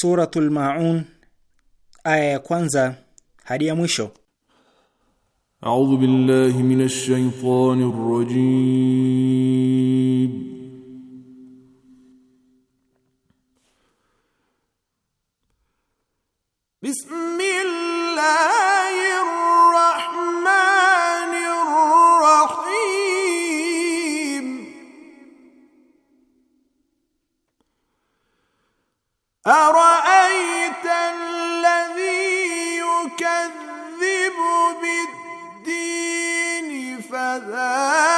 Suratul Maun aya ya kwanza hadi ya mwisho. A'udhu billahi minash shaitanir rajim. Bismillah أرأيت الذي يكذب بالدين فذاك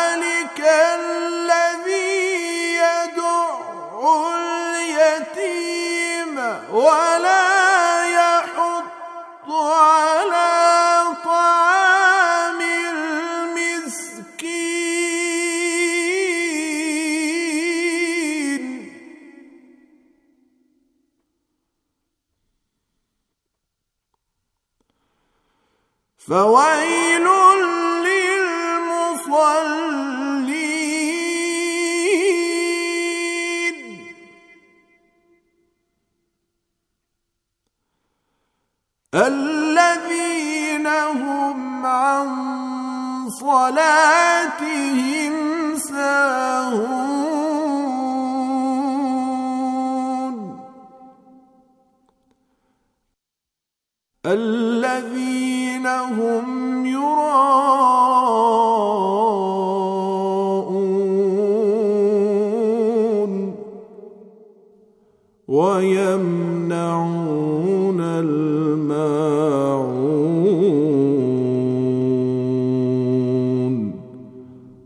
فويل للمصلين الذين هم عن صلاتهم ساهون الذين هم يراءون ويمنعون الماعون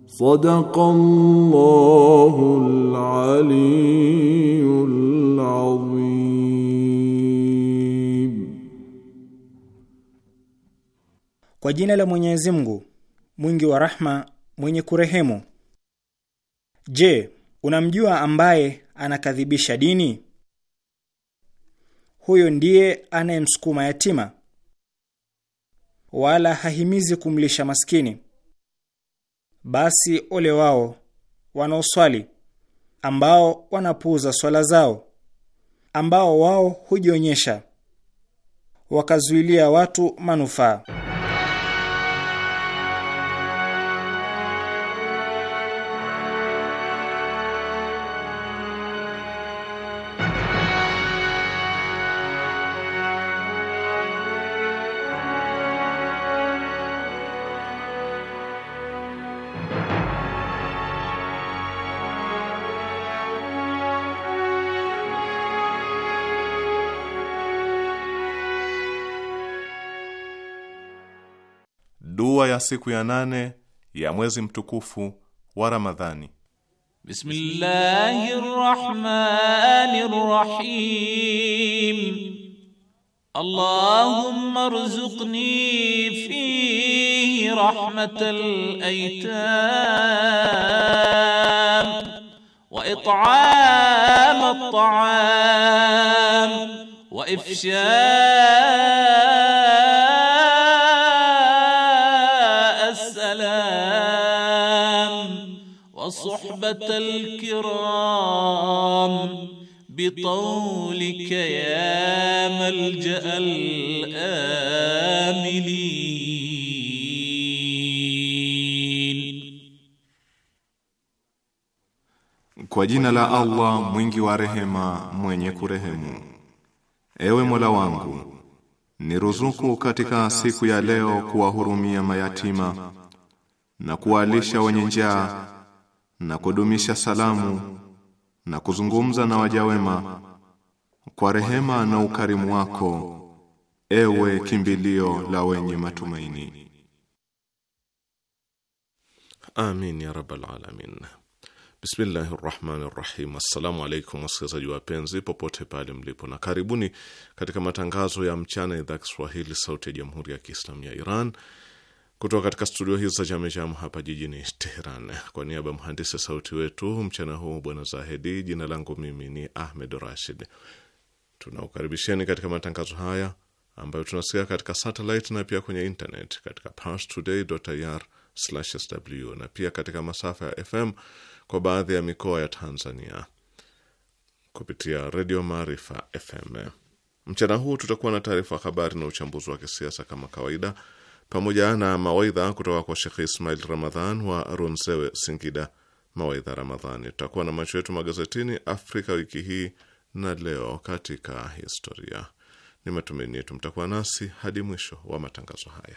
صدق الله العليم Kwa jina la Mwenyezi Mungu mwingi wa rahma mwenye kurehemu. Je, unamjua ambaye anakadhibisha dini? Huyo ndiye anayemsukuma yatima, wala hahimizi kumlisha maskini. Basi ole wao wanaoswali, ambao wanapuuza swala zao, ambao wao hujionyesha, wakazuilia watu manufaa. siku ya nane ya mwezi mtukufu wa Ramadhani. Bismillahir Rahmanir Rahim. Allahumma rzuqni fi rahmatil aytam wa it'am at-ta'am wa ifsha وصحبة الكرام بطولك يا ملجأ الآمنين Kwa jina la Allah mwingi wa rehema mwenye kurehemu Ewe Mola wangu niruzuku katika siku ya leo kuwahurumia mayatima na kuwalisha wenye njaa na kudumisha salamu na kuzungumza na waja wema kwa rehema na ukarimu wako, ewe kimbilio la wenye matumaini. Amin ya rabbal alamin. Bismillahi rahmani rahim. Assalamu alaikum wasikilizaji wapenzi popote pale mlipo, na karibuni katika matangazo ya mchana, idhaa Kiswahili sauti ya jamhuri ya Kiislamu ya Iran kutoka katika studio hizi za Jamejam hapa jijini Teheran. Kwa niaba ya mhandisi sauti wetu mchana huu bwana Zahedi, jina langu mimi ni Ahmed Rashid. Tunaukaribisheni katika matangazo haya ambayo tunasikia katika satellite na pia kwenye internet katika parstoday.ir/sw na pia katika masafa ya FM kwa baadhi ya mikoa ya Tanzania kupitia Redio Maarifa FM. Mchana huu tutakuwa na taarifa habari na uchambuzi wa kisiasa kama kawaida pamoja na mawaidha kutoka kwa Shekhe Ismail Ramadhan wa Runzewe, Singida. Mawaidha Ramadhani. Tutakuwa na macho yetu magazetini Afrika wiki hii na leo katika historia. Ni matumaini yetu mtakuwa nasi hadi mwisho wa matangazo haya.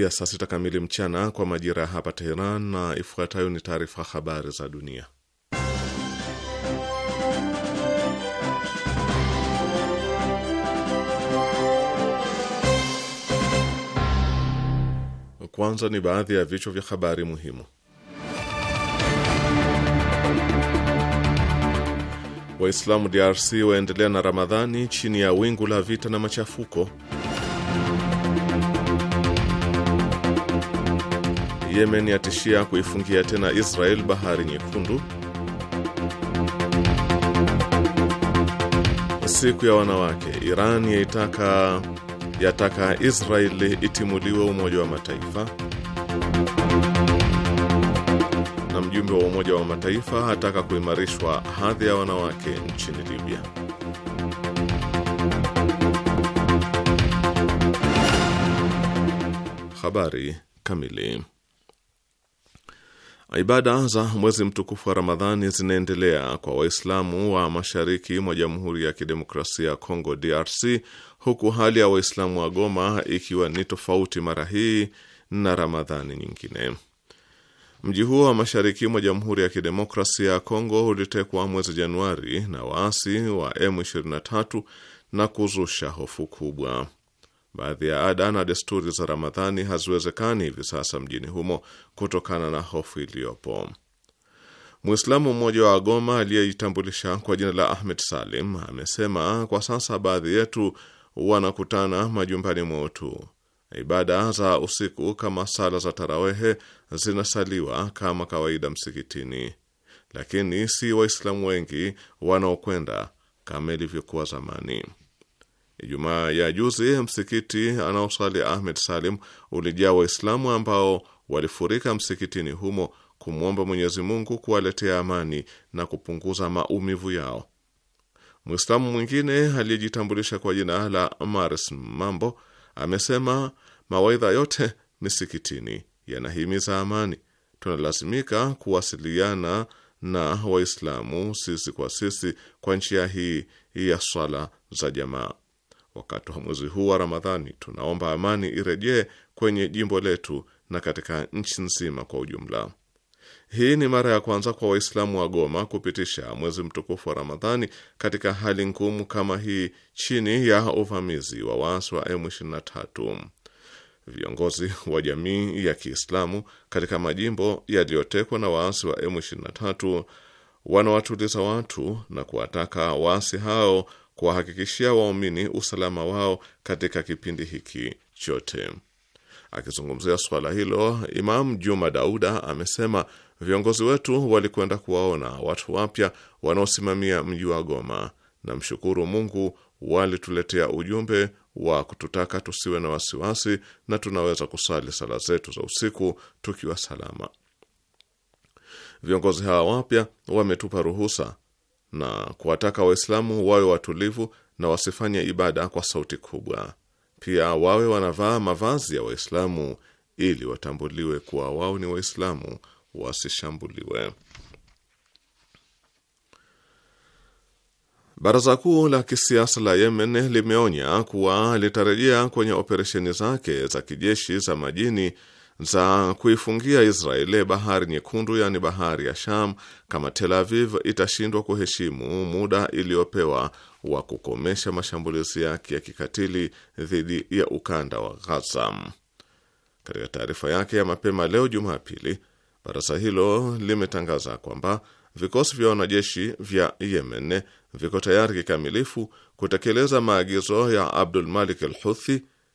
kukaribia saa sita kamili mchana kwa majira ya hapa Teheran, na ifuatayo ni taarifa habari za dunia. Kwanza ni baadhi ya vichwa vya habari muhimu. Waislamu DRC waendelea na Ramadhani chini ya wingu la vita na machafuko. Yemen yatishia kuifungia tena Israel bahari nyekundu. Siku ya wanawake, Iran yaitaka yataka Israeli itimuliwe Umoja wa Mataifa. Na mjumbe wa Umoja wa Mataifa ataka kuimarishwa hadhi ya wanawake nchini Libya. Habari kamili. Ibada za mwezi mtukufu wa Ramadhani zinaendelea kwa Waislamu wa mashariki mwa Jamhuri ya Kidemokrasia ya Kongo, DRC, huku hali ya Waislamu wa Goma ikiwa ni tofauti mara hii na Ramadhani nyingine. Mji huo wa mashariki mwa Jamhuri ya Kidemokrasia ya Kongo ulitekwa mwezi Januari na waasi wa M23 na kuzusha hofu kubwa. Baadhi ya ada na desturi za Ramadhani haziwezekani hivi sasa mjini humo kutokana na hofu iliyopo. Mwislamu mmoja wa Goma aliyejitambulisha kwa jina la Ahmed Salim amesema kwa sasa baadhi yetu wanakutana majumbani mwetu. Ibada za usiku kama sala za tarawehe zinasaliwa kama kawaida msikitini, lakini si Waislamu wengi wanaokwenda kama ilivyokuwa zamani. Ijumaa ya juzi msikiti anaoswali Ahmed Salim ulijaa Waislamu ambao walifurika msikitini humo kumwomba Mwenyezi Mungu kuwaletea amani na kupunguza maumivu yao. Mwislamu mwingine aliyejitambulisha kwa jina la Mars Mambo amesema mawaidha yote misikitini yanahimiza amani. Tunalazimika kuwasiliana na Waislamu sisi kwa sisi kwa njia hii ya swala za jamaa. Wakati wa mwezi huu wa Ramadhani tunaomba amani irejee kwenye jimbo letu na katika nchi nzima kwa ujumla. Hii ni mara ya kwanza kwa Waislamu wa Goma kupitisha mwezi mtukufu wa Ramadhani katika hali ngumu kama hii chini ya uvamizi wa waasi wa M23. Viongozi wa jamii ya Kiislamu katika majimbo yaliyotekwa na waasi wa M23 wanawatuliza watu na kuwataka waasi hao kuwahakikishia waumini usalama wao katika kipindi hiki chote. Akizungumzia suala hilo, Imamu Juma Dauda amesema viongozi wetu walikwenda kuwaona watu wapya wanaosimamia mji wa Goma, na mshukuru Mungu walituletea ujumbe wa kututaka tusiwe na wasiwasi na tunaweza kusali sala zetu za usiku tukiwa salama. Viongozi hawa wapya wametupa ruhusa na kuwataka Waislamu wawe watulivu na wasifanye ibada kwa sauti kubwa. Pia wawe wanavaa mavazi ya Waislamu ili watambuliwe kuwa wao ni Waislamu, wasishambuliwe. Baraza kuu la kisiasa la Yemen limeonya kuwa litarejea kwenye operesheni zake za kijeshi za majini za kuifungia Israeli bahari nyekundu, yaani bahari ya Sham, kama Tel Aviv itashindwa kuheshimu muda iliyopewa wa kukomesha mashambulizi yake ya kikatili dhidi ya ukanda wa Gaza. Katika taarifa yake ya mapema leo Jumapili, baraza hilo limetangaza kwamba vikosi vya wanajeshi vya Yemen viko tayari kikamilifu kutekeleza maagizo ya Abdul Malik al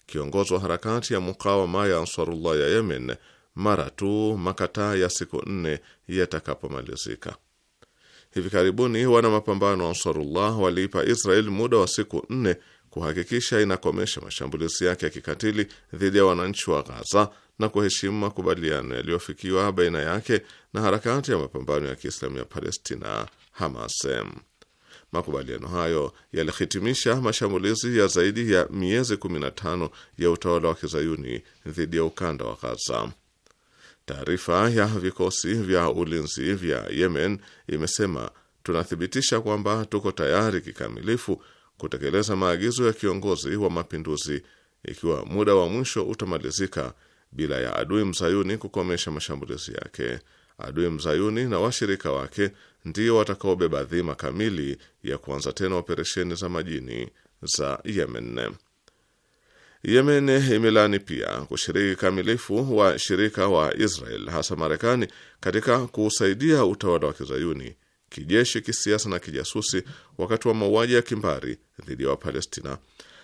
kiongozi wa harakati ya mukawama ya Ansarullah ya Yemen mara tu makataa ya siku nne yatakapomalizika. Hivi karibuni wana mapambano wa Ansarullah waliipa Israel muda wa siku nne kuhakikisha inakomesha mashambulizi yake ya kikatili dhidi ya wananchi wa Ghaza na kuheshimu makubaliano yaliyofikiwa baina yake na harakati ya mapambano ya Kiislamu ya Palestina Hamas. Makubaliano hayo yalihitimisha mashambulizi ya zaidi ya miezi 15 ya utawala wa kizayuni dhidi ya ukanda wa Ghaza. Taarifa ya vikosi vya ulinzi vya Yemen imesema tunathibitisha kwamba tuko tayari kikamilifu kutekeleza maagizo ya kiongozi wa mapinduzi ikiwa muda wa mwisho utamalizika bila ya adui mzayuni kukomesha mashambulizi yake. Adui mzayuni na washirika wake ndio watakaobeba dhima kamili ya kuanza tena operesheni za majini za Yemen. Yemen imelani pia kushiriki kamilifu wa shirika wa Israel hasa Marekani katika kuusaidia utawala wa kizayuni kijeshi, kisiasa na kijasusi wakati wa mauaji ya kimbari dhidi ya Wapalestina,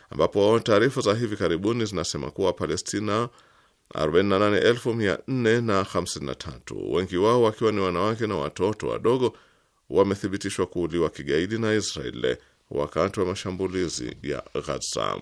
ambapo taarifa za hivi karibuni zinasema kuwa Wapalestina 48453 wengi wao wakiwa ni wanawake na watoto wadogo wamethibitishwa kuuliwa kigaidi na Israel wakati wa mashambulizi ya Ghaza.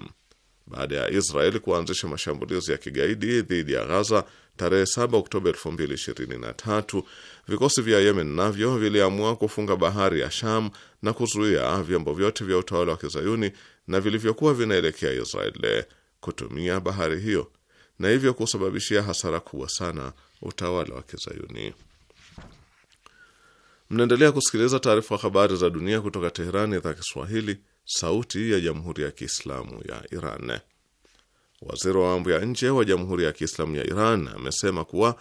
Baada ya Israel kuanzisha mashambulizi ya kigaidi dhidi ya Ghaza tarehe 7 Oktoba 2023, vikosi vya Yemen navyo viliamua kufunga bahari ya Sham na kuzuia vyombo vyote vya utawala wa kizayuni na vilivyokuwa vinaelekea Israel kutumia bahari hiyo na hivyo kusababishia hasara kubwa sana utawala wa Kizayuni. Mnaendelea kusikiliza taarifa ya habari za dunia kutoka Teherani, idhaa ya Kiswahili, sauti ya jamhuri ya kiislamu ya Iran. Waziri wa mambo ya nje wa jamhuri ya kiislamu ya Iran amesema kuwa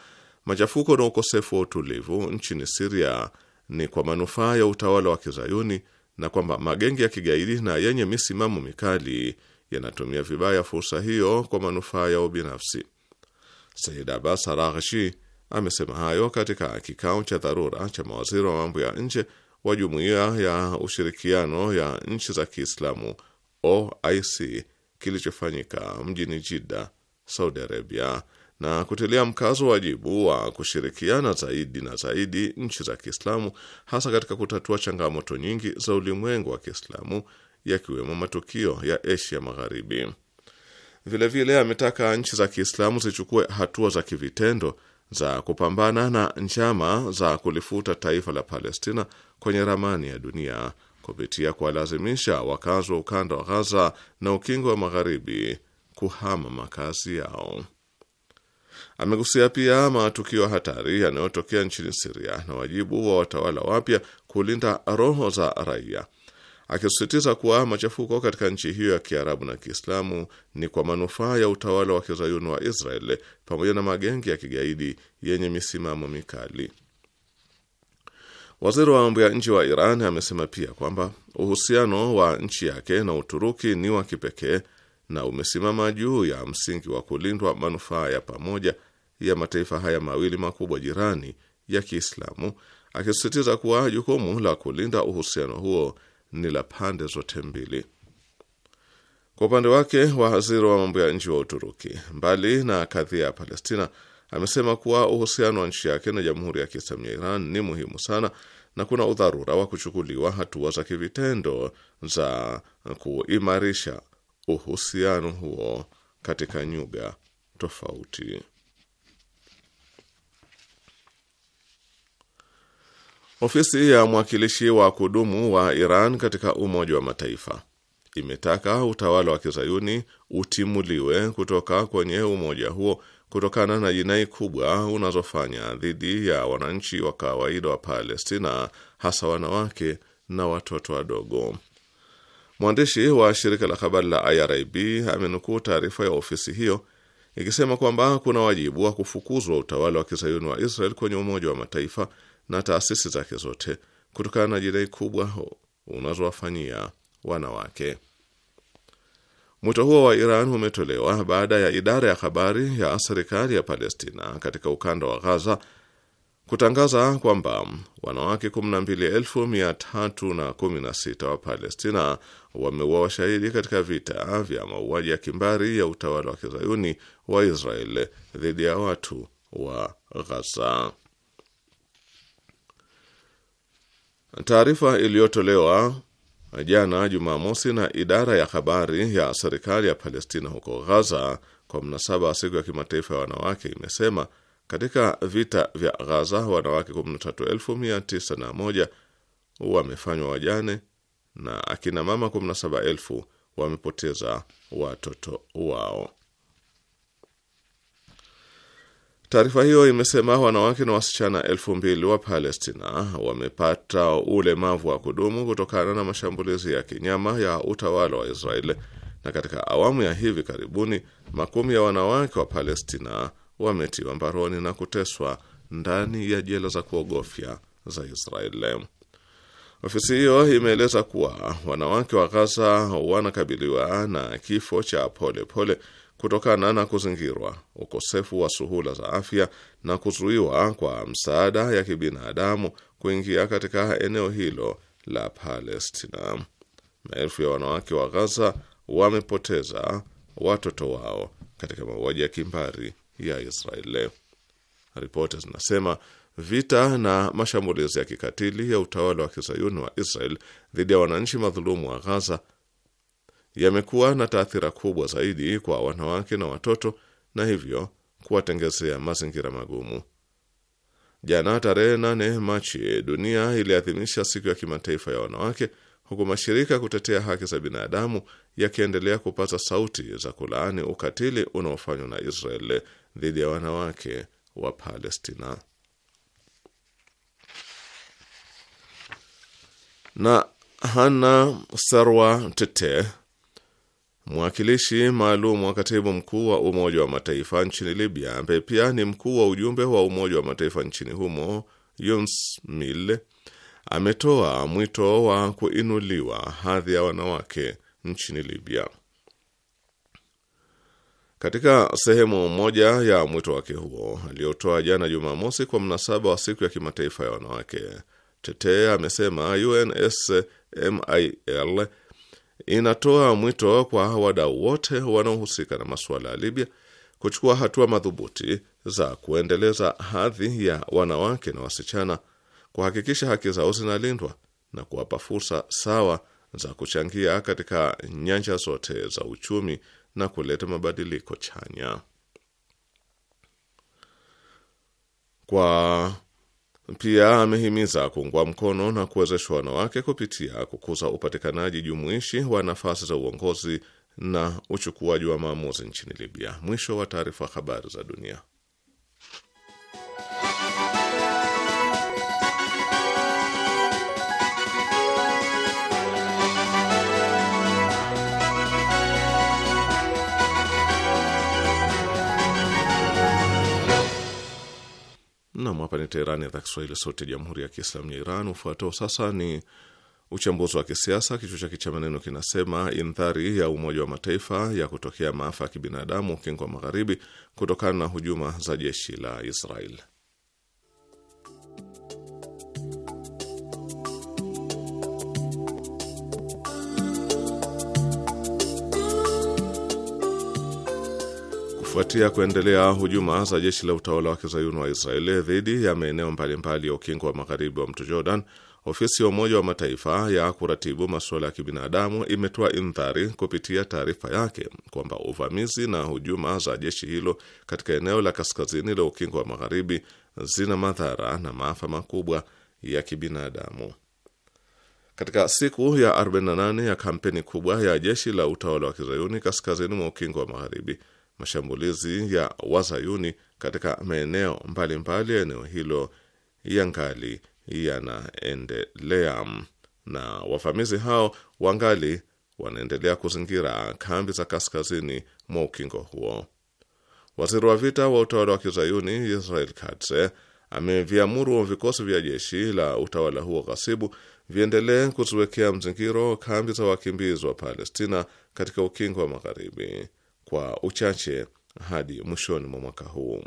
machafuko na ukosefu wa utulivu nchini Siria ni kwa manufaa ya utawala wa Kizayuni na kwamba magenge ya kigaidi na yenye misimamo mikali yanatumia vibaya fursa hiyo kwa manufaa yao binafsi. Said Abbas Araghchi amesema hayo katika kikao cha dharura cha mawaziri wa mambo ya nje wa Jumuiya ya Ushirikiano ya Nchi za Kiislamu OIC kilichofanyika mjini Jidda, Saudi Arabia, na kutilia mkazo wajibu wa kushirikiana zaidi na zaidi nchi za Kiislamu hasa katika kutatua changamoto nyingi za ulimwengu wa Kiislamu yakiwemo matukio ya Asia Magharibi. Vilevile ametaka nchi za Kiislamu zichukue hatua za kivitendo za kupambana na njama za kulifuta taifa la Palestina kwenye ramani ya dunia kupitia kuwalazimisha wakazi wa ukanda wa Ghaza na ukingo wa Magharibi kuhama makazi yao. Amegusia pia matukio hatari yanayotokea nchini Siria na wajibu wa watawala wapya kulinda roho za raia akisisitiza kuwa machafuko katika nchi hiyo ya Kiarabu na Kiislamu ni kwa manufaa ya utawala wa kizayuni wa Israel pamoja na magengi ya kigaidi yenye misimamo mikali. Waziri wa mambo ya nje wa Iran amesema pia kwamba uhusiano wa nchi yake na Uturuki ni wa kipekee na umesimama juu ya msingi wa kulindwa manufaa ya pamoja ya mataifa haya mawili makubwa jirani ya Kiislamu, akisisitiza kuwa jukumu la kulinda uhusiano huo ni la pande zote mbili. Kwa upande wake, waziri wa mambo ya nje wa Uturuki, mbali na kadhia ya Palestina, amesema kuwa uhusiano wa nchi yake na Jamhuri ya Kiislamu ya Iran ni muhimu sana na kuna udharura wa kuchukuliwa hatua za kivitendo za kuimarisha uhusiano huo katika nyuga tofauti. Ofisi ya mwakilishi wa kudumu wa Iran katika Umoja wa Mataifa imetaka utawala wa kizayuni utimuliwe kutoka kwenye umoja huo kutokana na jinai kubwa unazofanya dhidi ya wananchi wa kawaida wa Palestina, hasa wanawake na watoto wadogo. Mwandishi wa shirika la habari la IRIB amenukuu taarifa ya ofisi hiyo ikisema kwamba kuna wajibu wa kufukuzwa utawala wa kizayuni wa Israel kwenye Umoja wa Mataifa na taasisi zake zote kutokana na jinai kubwa unazowafanyia wanawake. Mwito huo wa Iran umetolewa baada ya idara ya habari ya serikali ya Palestina katika ukanda wa Ghaza kutangaza kwamba wanawake 12316 wa Palestina wameuawa washahidi katika vita vya mauaji ya kimbari ya utawala wa kizayuni wa Israel dhidi ya watu wa Ghaza. Taarifa iliyotolewa jana Jumamosi na idara ya habari ya serikali ya Palestina huko Ghaza kwa mnasaba wa siku ya kimataifa ya wanawake imesema katika vita vya Ghaza wanawake 13,901 wamefanywa wajane na akina mama 17,000 wamepoteza watoto wao. Taarifa hiyo imesema wanawake na wasichana elfu mbili wa Palestina wamepata ulemavu wa kudumu kutokana na mashambulizi ya kinyama ya utawala wa Israeli, na katika awamu ya hivi karibuni makumi ya wanawake wa Palestina wametiwa mbaroni na kuteswa ndani ya jela za kuogofya za Israeli. Ofisi hiyo imeeleza kuwa wanawake wa Gaza wanakabiliwa na kifo cha polepole pole kutokana na kuzingirwa, ukosefu wa suhula za afya na kuzuiwa kwa msaada ya kibinadamu kuingia katika eneo hilo la Palestina. Maelfu ya wanawake wa Gaza wamepoteza watoto wao katika mauaji ya kimbari ya Israeli. Ripoti zinasema vita na mashambulizi ya kikatili ya utawala wa kizayuni wa Israel dhidi ya wananchi madhulumu wa Gaza yamekuwa na taathira kubwa zaidi kwa wanawake na watoto na hivyo kuwatengezea mazingira magumu. Jana tarehe 8 Machi, dunia iliadhimisha siku ya kimataifa ya wanawake, huku mashirika kutetea haki za binadamu yakiendelea kupata sauti za kulaani ukatili unaofanywa na Israel dhidi ya wanawake wa Palestina. Na Hana Sarwa Tete Mwakilishi maalum wa katibu mkuu wa Umoja wa Mataifa nchini Libya, ambaye pia ni mkuu wa ujumbe wa Umoja wa Mataifa nchini humo, Yuns Mil, ametoa mwito wa kuinuliwa hadhi ya wanawake nchini Libya. Katika sehemu moja ya mwito wake huo aliyotoa jana Jumamosi kwa mnasaba wa siku ya kimataifa ya wanawake, Tete amesema UNSMIL inatoa mwito kwa wadau wote wanaohusika na masuala ya Libya kuchukua hatua madhubuti za kuendeleza hadhi ya wanawake na wasichana, kuhakikisha haki zao zinalindwa na kuwapa fursa sawa za kuchangia katika nyanja zote za uchumi na kuleta mabadiliko chanya kwa pia amehimiza kuungwa mkono na kuwezeshwa wanawake kupitia kukuza upatikanaji jumuishi wa nafasi za uongozi na uchukuaji wa maamuzi nchini Libya. Mwisho wa taarifa. Habari za dunia. Nam, hapa ni Teherani, idhaa Kiswahili, sauti ya jamhuri ya kiislamu ya Iran. Ufuatao sasa ni uchambuzi wa kisiasa, kichwa chake cha maneno kinasema: indhari ya Umoja wa Mataifa ya kutokea maafa ya kibinadamu ukingo wa magharibi kutokana na hujuma za jeshi la Israel. Kufuatia kuendelea hujuma za jeshi la utawala wa kizayuni wa Israeli dhidi ya maeneo mbalimbali ya ukingo wa magharibi wa mto Jordan, ofisi ya Umoja wa Mataifa ya kuratibu masuala ya kibinadamu imetoa indhari kupitia taarifa yake kwamba uvamizi na hujuma za jeshi hilo katika eneo la kaskazini la ukingo wa magharibi zina madhara na maafa makubwa ya kibinadamu. Katika siku ya 48 ya kampeni kubwa ya jeshi la utawala wa kizayuni kaskazini mwa ukingo wa magharibi Mashambulizi ya wazayuni katika maeneo mbalimbali ya eneo hilo yangali yanaendelea na wavamizi hao wangali wanaendelea kuzingira kambi za kaskazini mwa ukingo huo. Waziri wa vita wa utawala wa kizayuni Israel Katz ameviamuru vikosi vya jeshi la utawala huo ghasibu viendelee kuziwekea mzingiro kambi za wakimbizi wa Palestina katika ukingo wa magharibi kwa uchache hadi mwishoni mwa mwaka huu.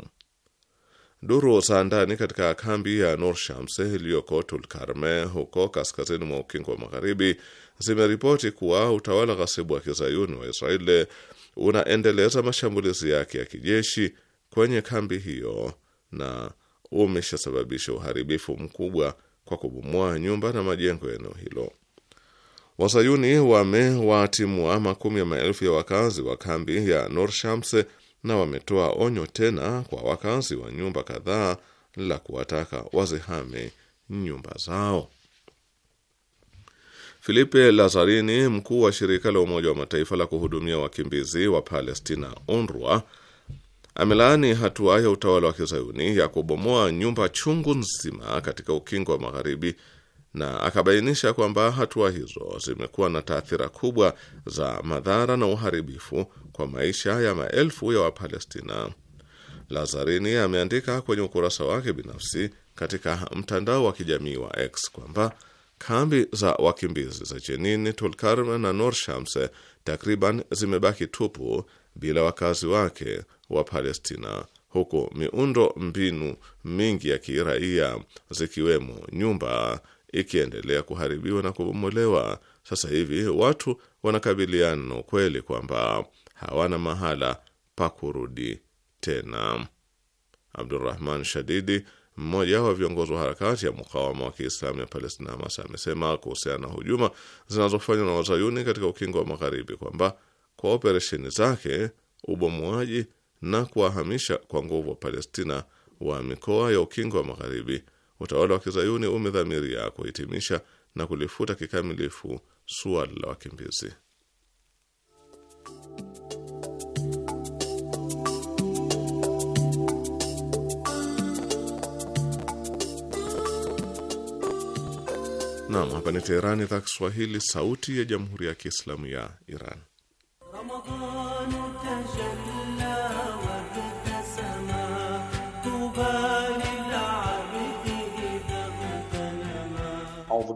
Duru za ndani katika kambi ya Nur Shams iliyoko Tulkarme huko kaskazini mwa ukingo wa magharibi zimeripoti kuwa utawala ghasibu wa kizayuni wa Israeli unaendeleza mashambulizi yake ya kijeshi kwenye kambi hiyo na umeshasababisha uharibifu mkubwa kwa kubomoa nyumba na majengo ya eneo hilo. Wasayuni wamewatimua makumi ya maelfu ya wakazi wa kambi ya Nur Shams na wametoa onyo tena kwa wakazi wa nyumba kadhaa la kuwataka wazihame nyumba zao. Filipe Lazarini, mkuu wa shirika la Umoja wa Mataifa la kuhudumia wakimbizi wa Palestina, UNRWA, amelaani hatua ya utawala wa kizayuni ya kubomoa nyumba chungu nzima katika ukingo wa magharibi na akabainisha kwamba hatua hizo zimekuwa na taathira kubwa za madhara na uharibifu kwa maisha ya maelfu ya Wapalestina. Lazarini ameandika kwenye ukurasa wake binafsi katika mtandao wa kijamii wa X kwamba kambi za wakimbizi za Jenin, Tulkarm na Nor Shams takriban zimebaki tupu bila wakazi wake wa Palestina, huku miundo mbinu mingi ya kiraia zikiwemo nyumba ikiendelea kuharibiwa na kubomolewa. Sasa hivi watu wanakabiliana na ukweli kwamba hawana mahala pa kurudi tena. Abdurrahman Shadidi, mmoja wa viongozi wa harakati ya mukawama wa Kiislamu ya Palestina, Hamas, amesema kuhusiana na hujuma zinazofanywa na wazayuni katika ukingo wa magharibi kwamba kwa operesheni zake, ubomoaji na kuwahamisha kwa nguvu wa Palestina wa mikoa ya ukingo wa magharibi Utawala wa kizayuni umedhamiria kuhitimisha na kulifuta kikamilifu suala la wakimbizi. Nam, hapa ni Teherani, idhaa Kiswahili, sauti ya jamhuri ya kiislamu ya Iran. Ramadhanu.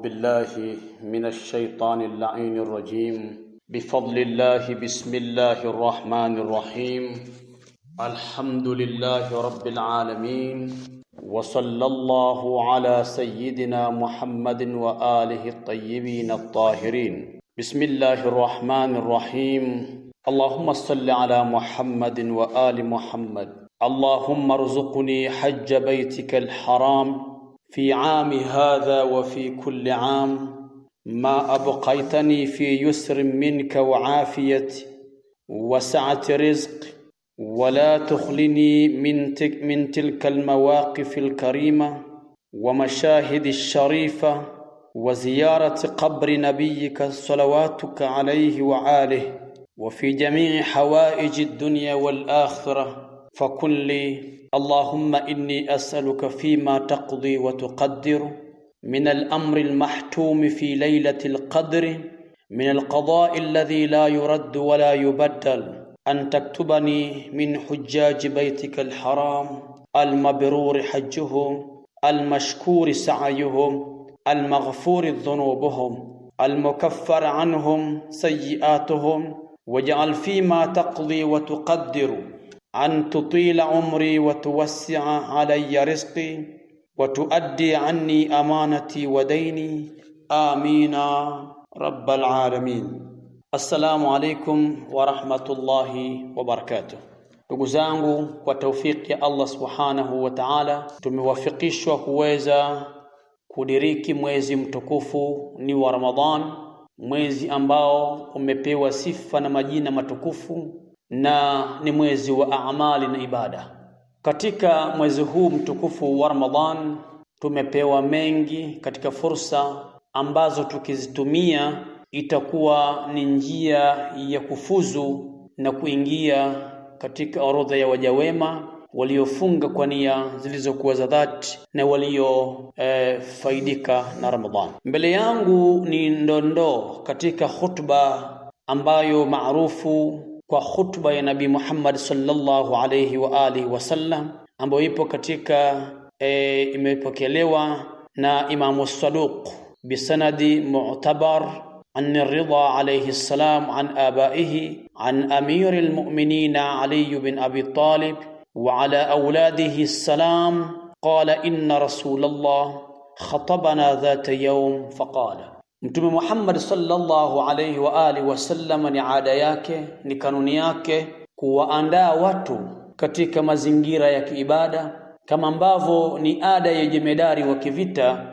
بالله من الشيطان اللعين الرجيم بفضل الله بسم الله الرحمن الرحيم الحمد لله رب العالمين وصلى الله على سيدنا محمد وآله الطيبين الطاهرين بسم الله الرحمن الرحيم اللهم صل على محمد وآل محمد اللهم ارزقني حج بيتك الحرام في عام هذا وفي كل عام ما أبقيتني في يسر منك وعافية وسعة رزق ولا تخلني من, تك من تلك المواقف الكريمة ومشاهد الشريفة وزيارة قبر نبيك صلواتك عليه وعاله وفي جميع حوائج الدنيا والآخرة فكن لي اللهم إني أسألك فيما تقضي وتقدر من الأمر المحتوم في ليلة القدر من القضاء الذي لا يرد ولا يبدل أن تكتبني من حجاج بيتك الحرام المبرور حجهم المشكور سعيهم المغفور ذنوبهم المكفر عنهم سيئاتهم واجعل فيما تقضي وتقدر an tutila umri wa tuwassia alayya rizqi wa tuaddi anni amanati wa daini amina rabbal alamin. Assalamu alaykum wa rahmatullahi wa barakatuh. Ndugu zangu, kwa taufiki ya Allah subhanahu wa ta'ala, tumewafikishwa kuweza kudiriki mwezi mtukufu ni wa Ramadhan, mwezi ambao umepewa sifa na majina matukufu na ni mwezi wa amali na ibada. Katika mwezi huu mtukufu wa Ramadhan tumepewa mengi katika fursa ambazo tukizitumia itakuwa ni njia ya kufuzu na kuingia katika orodha ya wajawema waliofunga kwa nia zilizokuwa za dhati na waliofaidika eh, e, na Ramadhan. Mbele yangu ni ndondoo katika hutuba ambayo maarufu khutba ya Nabii Muhammad sallallahu alayhi wa alihi wasallam ambayo ipo katika e, imepokelewa na Imamu Saduq bisanadi mu'tabar عن الرضا عليه السلام عن آبائه عن أمير المؤمنين علي بن أبي طالب وعلى أولاده السلام قال إن رسول الله خطبنا ذات يوم فقال Mtume Muhammad sallallahu alayhi wa alihi wasallam, ni ada yake, ni kanuni yake kuwaandaa watu katika mazingira ya kiibada, kama ambavyo ni ada ya jemedari wa kivita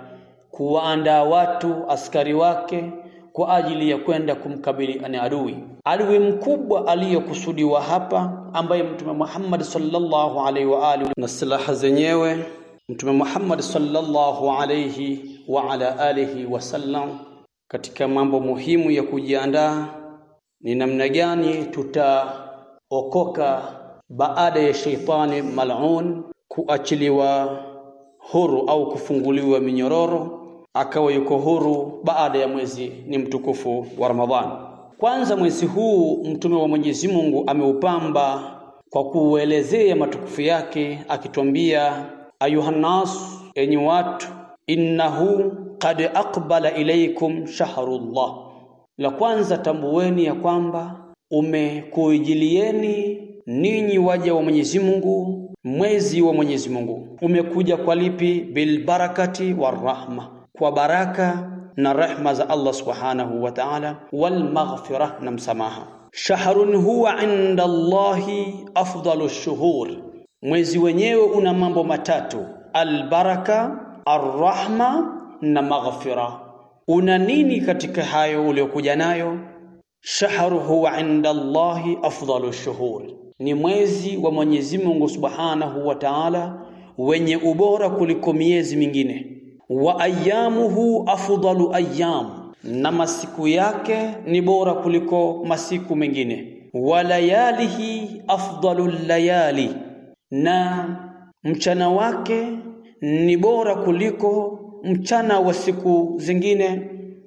kuwaandaa watu askari wake kwa ajili ya kwenda kumkabili ani adui. Adui mkubwa aliyokusudiwa hapa, ambaye Mtume Muhammad sallallahu alayhi wa alihi na silaha zenyewe, Mtume Muhammad sallallahu alayhi wa ala alihi wasallam katika mambo muhimu ya kujiandaa ni namna gani tutaokoka baada ya sheitani mal'un kuachiliwa huru au kufunguliwa minyororo akawa yuko huru baada ya mwezi ni mtukufu wa Ramadhani. Kwanza mwezi huu mtume wa Mwenyezi Mungu ameupamba kwa kuuelezea matukufu yake akitwambia, ayuhannas, enyi watu, innahu qad aqbala ilaykum shahrullah, la kwanza tambueni ya kwamba umekuijilieni ninyi waja wa Mwenyezi Mungu mwezi wa Mwenyezi Mungu. Umekuja kwa lipi? Bilbarakati warahma, kwa baraka na rehma za Allah subhanahu wa ta'ala, walmaghfira, na msamaha. Shahrun huwa inda Allahi afdalu shuhur, mwezi wenyewe una mambo matatu: albaraka, arrahma na maghfira. Una nini katika hayo uliokuja nayo? shahru huwa inda Allahi afdalu shuhur, ni mwezi wa Mwenyezi Mungu Subhanahu wa Ta'ala wenye ubora kuliko miezi mingine. Wa ayamuhu afdalu ayyam, na masiku yake ni bora kuliko masiku mengine. Wa layalihi afdalu layali, na mchana wake ni bora kuliko mchana wa siku zingine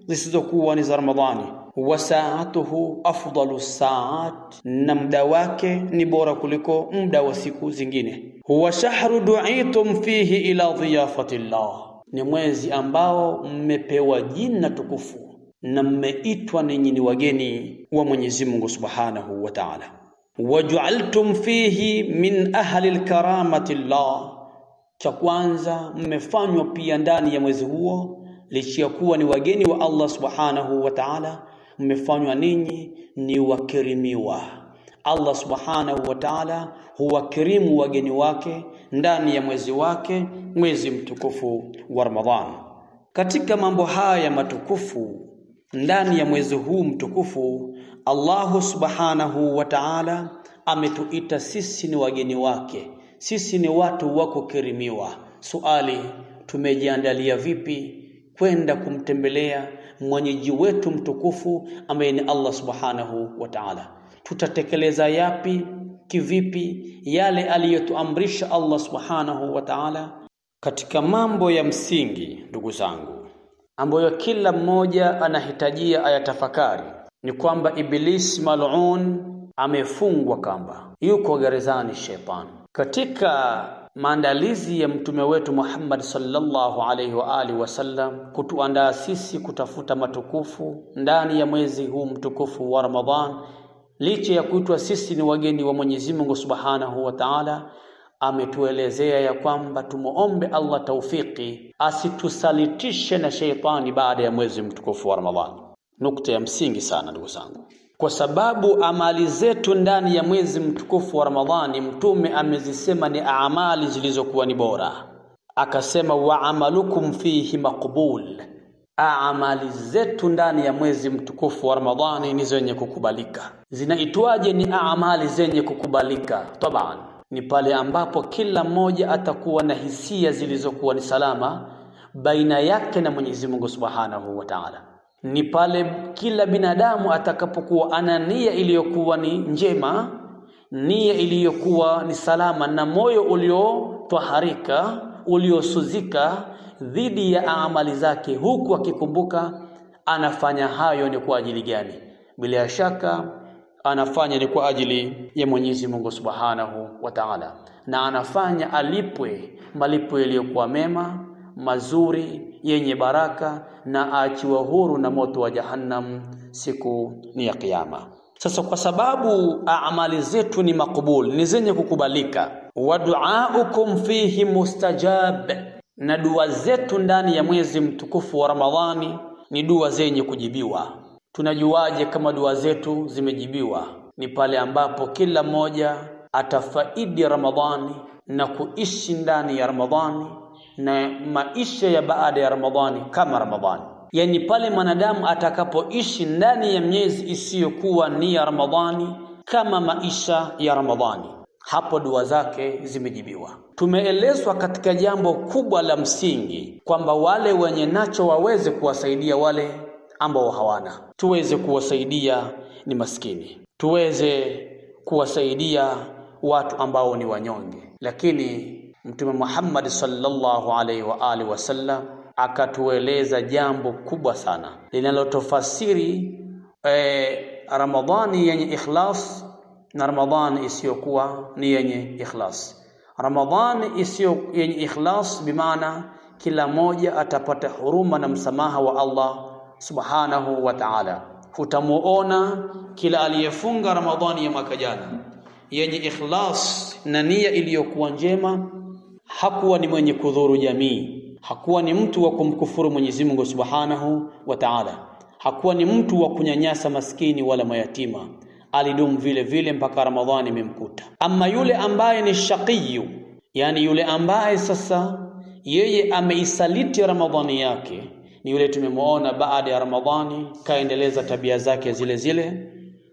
zisizokuwa ni za Ramadhani wa saatuhu afdalu saat, na muda wake ni bora kuliko muda wa siku zingine. Huwa shahru du'itum fihi ila dhiyafati llah, ni mwezi ambao mmepewa jina tukufu na mmeitwa ninyi ni wageni wa Mwenyezi Mungu Subhanahu wa Ta'ala. Waj'altum fihi min ahli alkaramati llah cha kwanza mmefanywa pia ndani ya mwezi huo, licha ya kuwa ni wageni wa Allah subhanahu wa ta'ala, mmefanywa ninyi ni wakirimiwa. Allah subhanahu wa ta'ala huwakirimu wageni wake ndani ya mwezi wake, mwezi mtukufu wa Ramadhan. Katika mambo haya ya matukufu ndani ya mwezi huu mtukufu Allahu subhanahu wa ta'ala ametuita sisi ni wageni wake sisi ni watu wa kukirimiwa. Suali, tumejiandalia vipi kwenda kumtembelea mwenyeji wetu mtukufu ambaye ni Allah subhanahu wa ta'ala? Tutatekeleza yapi kivipi yale aliyotuamrisha Allah subhanahu wa ta'ala katika mambo ya msingi? Ndugu zangu, ambayo kila mmoja anahitajia ayatafakari ni kwamba Iblis mal'un amefungwa kamba, yuko gerezani shetani katika maandalizi ya mtume wetu Muhammad sallallahu alaihi wa alihi wasallam kutuandaa sisi kutafuta matukufu ndani ya mwezi huu mtukufu wa Ramadhan, licha ya kuitwa sisi ni wageni wa Mwenyezi Mungu Subhanahu wa Ta'ala, ametuelezea ya kwamba tumuombe Allah taufiki asitusalitishe na sheitani baada ya mwezi mtukufu wa Ramadhan. Nukta ya msingi sana ndugu zangu kwa sababu amali zetu ndani ya mwezi mtukufu wa Ramadhani mtume amezisema ni amali zilizokuwa ni bora, akasema wa amalukum fihi maqbul, amali zetu ndani ya mwezi mtukufu wa Ramadhani ni zenye kukubalika. Zinaitwaje? Ni amali zenye kukubalika taban, ni pale ambapo kila mmoja atakuwa na hisia zilizokuwa ni salama baina yake na Mwenyezi Mungu Subhanahu wa Ta'ala ni pale kila binadamu atakapokuwa ana nia iliyokuwa ni njema, nia iliyokuwa ni salama na moyo uliotwaharika, uliosuzika dhidi ya amali zake, huku akikumbuka anafanya hayo ni kwa ajili gani. Bila shaka anafanya ni kwa ajili ya Mwenyezi Mungu Subhanahu wa Ta'ala, na anafanya alipwe malipo yaliyokuwa mema mazuri yenye baraka na aachiwa huru na moto wa Jahannam siku ni ya Kiyama. Sasa kwa sababu amali zetu ni makubul, ni zenye kukubalika, wa duaukum fihi mustajab, na dua zetu ndani ya mwezi mtukufu wa Ramadhani ni dua zenye kujibiwa. Tunajuaje kama dua zetu zimejibiwa? Ni pale ambapo kila mmoja atafaidi Ramadhani na kuishi ndani ya Ramadhani na maisha ya baada ya Ramadhani kama Ramadhani, yaani pale mwanadamu atakapoishi ndani ya miezi isiyokuwa ni ya Ramadhani kama maisha ya Ramadhani, hapo dua zake zimejibiwa. Tumeelezwa katika jambo kubwa la msingi kwamba wale wenye nacho waweze kuwasaidia wale ambao hawana, tuweze kuwasaidia ni maskini, tuweze kuwasaidia watu ambao ni wanyonge, lakini Mtume Muhammad sallallahu alaihi wa alihi wasallam akatueleza jambo kubwa sana linalotofasiri eh, Ramadhani yenye ikhlas na Ramadhani isiyokuwa ni yenye ikhlas. Ramadhani isiyo yenye ikhlas bimaana kila moja atapata huruma na msamaha wa Allah subhanahu wa ta'ala. Utamuona kila aliyefunga Ramadhani ya mwaka jana yenye ikhlas na nia iliyokuwa njema hakuwa ni mwenye kudhuru jamii, hakuwa ni mtu wa kumkufuru Mwenyezi Mungu Subhanahu wa Ta'ala, hakuwa ni mtu wa kunyanyasa maskini wala mayatima. Alidumu vile vile mpaka Ramadhani imemkuta. Ama yule ambaye ni shaqiyu, yani yule ambaye sasa yeye ameisaliti Ramadhani yake, ni yule tumemwona baada ya Ramadhani kaendeleza tabia zake zile zile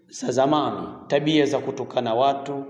za zamani, tabia za kutukana watu,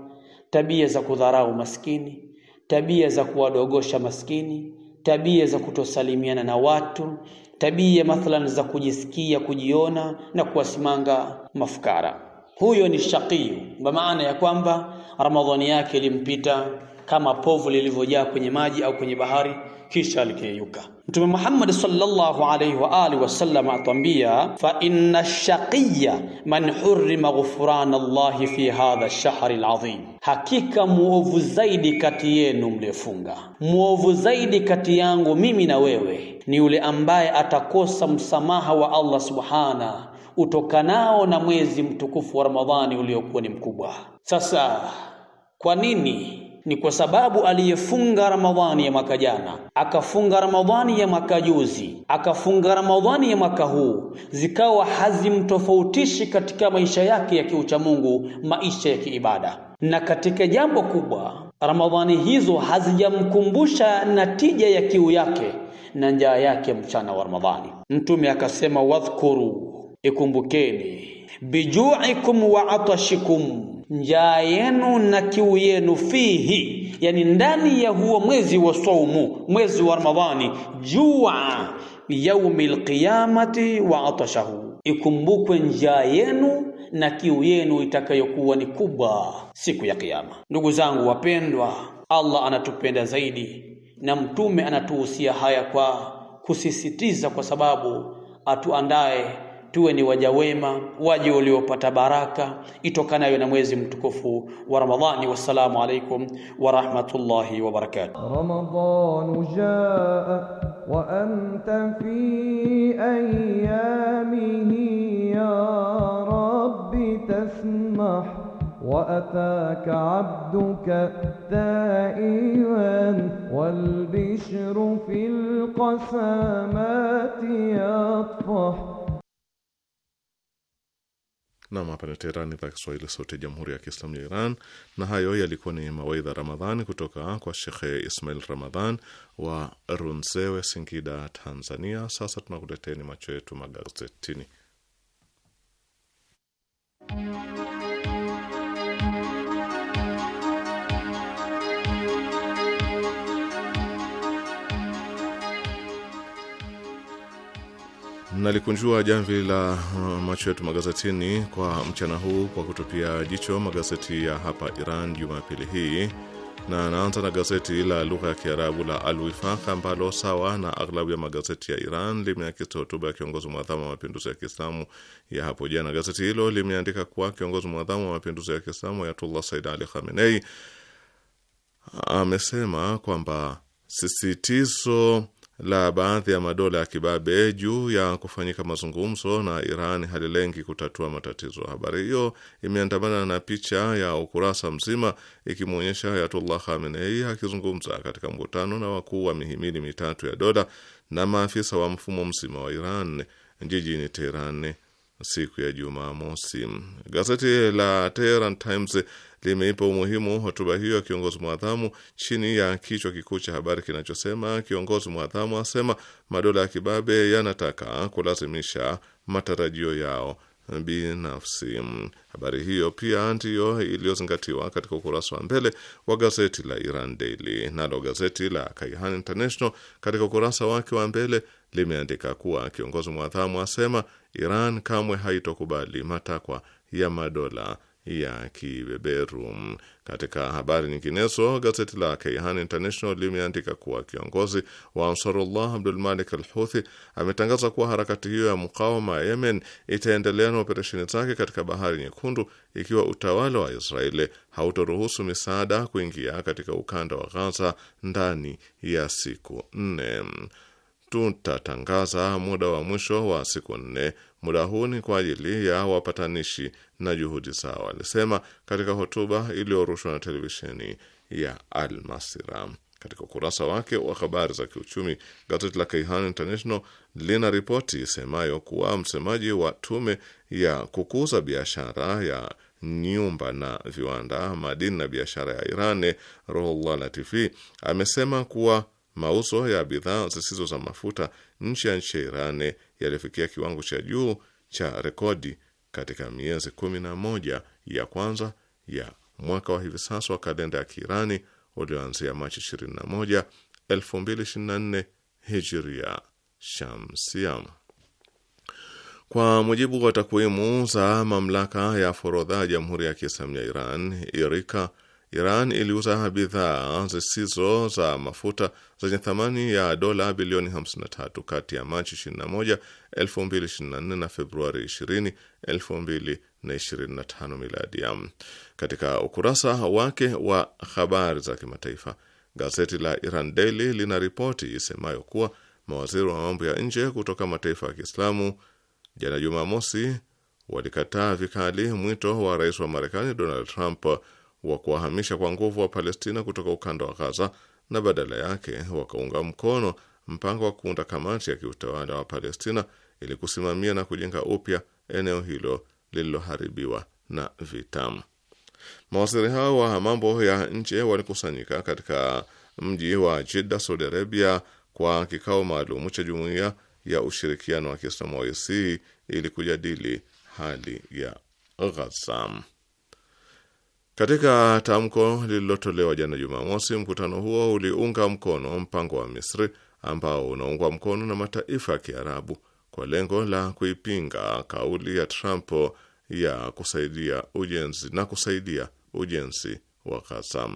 tabia za kudharau maskini tabia za kuwadogosha maskini, tabia za kutosalimiana na watu, tabia mathalan za kujisikia, kujiona na kuwasimanga mafukara. Huyo ni shaqiyu, kwa maana ya kwamba Ramadhani yake ilimpita kama povu lilivyojaa kwenye maji au kwenye bahari kisha alikeyuka. Mtume Muhammad sallallahu alayhi wa alihi wasallam atwambia, fa inna shaqiya man hurrima ghufran llahi fi hadha lshahri alazim, hakika muovu zaidi kati yenu mliyefunga, muovu zaidi kati yangu mimi na wewe ni yule ambaye atakosa msamaha wa Allah subhana utokanao na mwezi mtukufu wa Ramadhani uliokuwa ni mkubwa. Sasa kwa nini ni kwa sababu aliyefunga Ramadhani ya mwaka jana akafunga Ramadhani ya mwaka juzi akafunga Ramadhani ya mwaka huu zikawa hazimtofautishi katika maisha yake ya kiuchamungu, maisha ya kiibada. Na katika jambo kubwa, Ramadhani hizo hazijamkumbusha na tija ya kiu yake na njaa yake mchana wa Ramadhani. Mtume akasema, wadhkuru, ikumbukeni biju'ikum wa atashikum, njaa yenu na kiu yenu, fihi, yani ndani ya huo mwezi wa saumu, mwezi wa Ramadhani, jua yaumil qiyamati wa atashahu, ikumbukwe njaa yenu na kiu yenu itakayokuwa ni kubwa siku ya Kiyama. Ndugu zangu wapendwa, Allah anatupenda zaidi na Mtume anatuhusia haya kwa kusisitiza, kwa sababu atuandae tuwe ni waja wema, waja waliopata baraka itokanayo na mwezi mtukufu wa Ramadhani. Wassalamu alaikum wa rahmatullahi wa barakatuh. Ramadhanu jaa wa anta fi ayyamihi ya rabbi tasmah wa ataka abduka taiban wal bishru fil qasamati yatfah Nam, hapa ni Teherani, idhaa Kiswahili, sauti ya jamhuri ya kiislamu ya Iran. Na hayo yalikuwa ni mawaidha Ramadhani kutoka kwa Shekhe Ismail Ramadhan wa Runzewe, Singida, Tanzania. Sasa ni macho yetu magazetini. Nalikunjua jamvi la uh, macho yetu magazetini kwa mchana huu kwa kutupia jicho magazeti ya hapa Iran Jumapili hii, na naanza na gazeti la lugha ya Kiarabu la Al Wifaq ambalo sawa na aghlabu ya magazeti ya Iran limeakisi hotuba ya kiongozi mwadhamu wa mapinduzi ya Kiislamu ya hapo jana. Gazeti hilo limeandika kuwa kiongozi mwadhamu wa mapinduzi ya Kiislamu Ayatullah Said Ali Khamenei amesema kwamba sisitizo la baadhi ya madola ya kibabe juu ya kufanyika mazungumzo na Iran halilengi kutatua matatizo. Habari hiyo imeandamana na picha ya ukurasa mzima ikimwonyesha Ayatullah Khamenei akizungumza katika mkutano na wakuu wa mihimili mitatu ya dola na maafisa wa mfumo mzima wa Iran jijini Teherani siku ya Jumamosi. Gazeti la Tehran Times limeipa umuhimu hotuba hiyo ya kiongozi mwadhamu chini ya kichwa kikuu cha habari kinachosema kiongozi mwadhamu asema madola ya kibabe yanataka kulazimisha matarajio yao binafsi. Habari hiyo pia ndiyo iliyozingatiwa katika ukurasa wa mbele wa gazeti la Iran Daily. Nalo gazeti la Kaihan International katika ukurasa wake wa mbele limeandika kuwa kiongozi mwadhamu asema Iran kamwe haitokubali matakwa ya madola ya kibeberu. Katika habari nyinginezo, gazeti la Kayhan International limeandika kuwa kiongozi wa Ansarullah Abdul Malik al Huthi ametangaza kuwa harakati hiyo ya mukawama ya Yemen itaendelea na operesheni zake katika Bahari Nyekundu ikiwa utawala wa Israeli hautoruhusu misaada kuingia katika ukanda wa Ghaza ndani ya siku nne tutatangaza muda wa mwisho wa siku nne. Muda huu ni kwa ajili ya wapatanishi na juhudi zao, alisema katika hotuba iliyorushwa na televisheni ya Al Masira. Katika ukurasa wake wa habari za kiuchumi, gazeti la Kayhan International lina ripoti isemayo kuwa msemaji wa tume ya kukuza biashara ya nyumba na viwanda, madini na biashara ya Iran, Rohullah Latifi amesema kuwa mauzo ya bidhaa zisizo za mafuta nje ya nchi ya Iran yalifikia kiwango cha juu cha rekodi katika miezi kumi na moja ya kwanza ya mwaka wa hivi sasa wa kalenda ya Kiirani ulioanzia Machi 21, 2024 hijria shamsiam. Kwa mujibu wa takwimu za mamlaka ya forodha ya Jamhuri ya Kiislamu ya Iran, IRIKA, Iran iliuza bidhaa zisizo za mafuta zenye thamani ya dola bilioni 53 kati ya Machi 21, 2024 na Februari 20, 2025 miladia. Katika ukurasa wake wa habari za kimataifa, gazeti la Iran Daily lina ripoti isemayo kuwa mawaziri wa mambo ya nje kutoka mataifa ya Kiislamu jana Jumamosi walikataa vikali mwito wa rais wa Marekani Donald Trump wa kuwahamisha kwa nguvu wa Palestina kutoka ukanda wa Ghaza na badala yake wakaunga mkono mpango wa kuunda kamati ya kiutawala wa Palestina ili kusimamia na kujenga upya eneo hilo lililoharibiwa na vita. Mawaziri hao wa mambo ya nje walikusanyika katika mji wa Jidda, Saudi Arabia, kwa kikao maalumu cha Jumuiya ya Ushirikiano wa Kiislamu wa OIC ili kujadili hali ya Ghaza. Katika tamko lililotolewa jana Jumamosi, mkutano huo uliunga mkono mpango wa Misri ambao unaungwa mkono na mataifa ya Kiarabu kwa lengo la kuipinga kauli ya Trump ya kusaidia ujenzi na kusaidia ujenzi wa Gaza.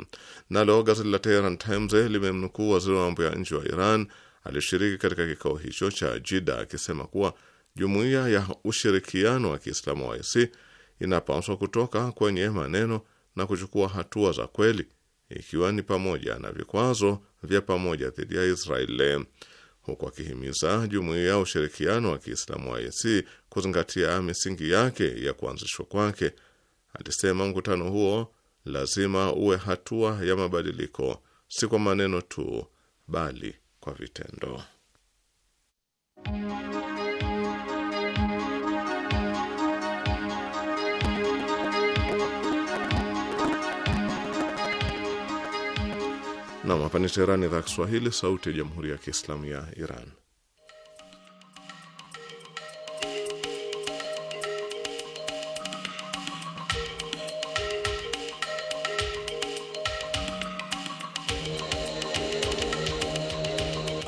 Nalo gazeti la Tehran Times limemnukuu waziri wa mambo ya nje wa Iran alishiriki katika kikao hicho cha Jida akisema kuwa jumuiya ya ushirikiano wa Kiislamu wa OIC inapaswa kutoka kwenye maneno na kuchukua hatua za kweli, ikiwa ni pamoja na vikwazo vya pamoja dhidi ya Israeli, huku akihimiza jumuiya ya ushirikiano wa Kiislamu wa kuzingatia misingi yake ya kuanzishwa kwake. Alisema mkutano huo lazima uwe hatua ya mabadiliko, si kwa maneno tu, bali kwa vitendo. Nam, hapa ni Teherani, idhaa Kiswahili, sauti ya jamhuri ya kiislamu ya Iran.